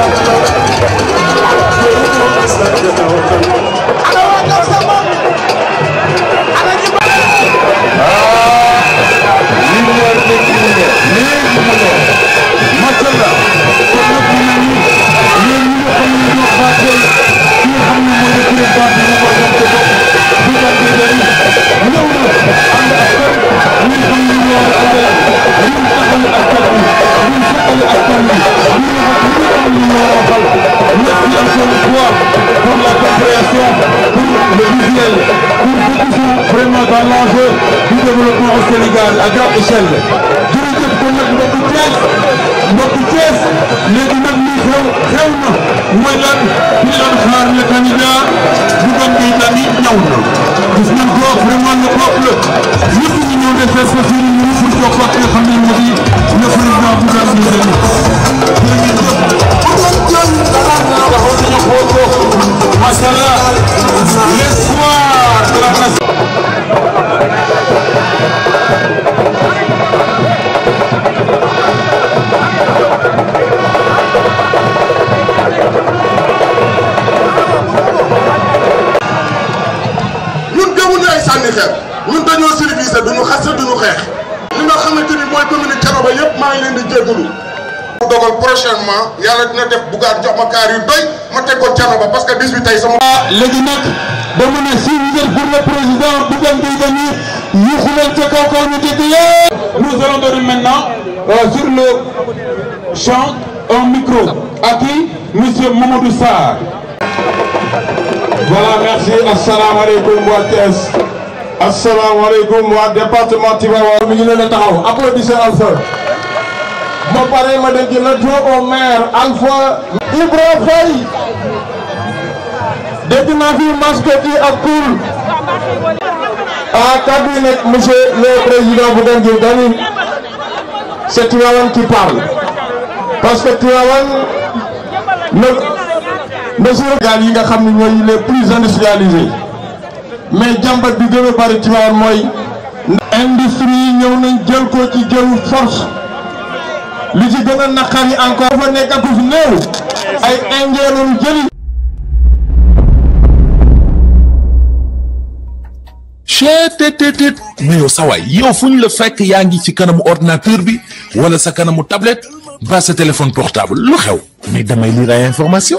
Thank you. enjeux du développement au a à grande échelle jërëjëf kon nag mbokku Thiès mbokku Thiès léegi nag lii xew xew na mooy lan fi ñu doon xaar le candidat bu doon ngay dani ñaw na gis nañ ko vraiment le peuple yëpp ñu ñëw de faire ce que ñu ngi pour jokkoo ak nga xam ne yëpp bugaan jox ma kaar yu teg ko cano parce que bis bi tey sama. Ah, léegi nag dama ne si vous êtes pour le président Bougane Gueye Dany ñu xulal ca kaw kaw ñu dégg yéen. nous allons donner maintenant euh, sur le champ un micro à qui monsieur Mamadou Sarr. voilà merci asalaamaaleykum waa Thiès asalaamaaleykum waa département Tivaouane. mi ngi leen a taxaw applaudissez Alpha. ba pare ma dégg le au maire Alpha Ibra Faye dégg naa fi masque yi ak poul ah kàddu yi nag monsieur le président Bougane Gueye Dany c'est Tivaouane qui parle parce que Tivaouane ne ne yi nga xam ne ñooy les plus industrialisés mais jàmbat bi gën bari Tivaouane mooy industrie yi ñëw nañ jël ko ci jël force li ci gën a naqari encore dafa nekk ak su néew ay indien lañu jëli chetttt mais yow sawaay yow fu la fekk yaa ngi ci kanamu ordinateur bi wala sa kanamu tablette ba sa téléphone portable lu xew mais damay lire ay information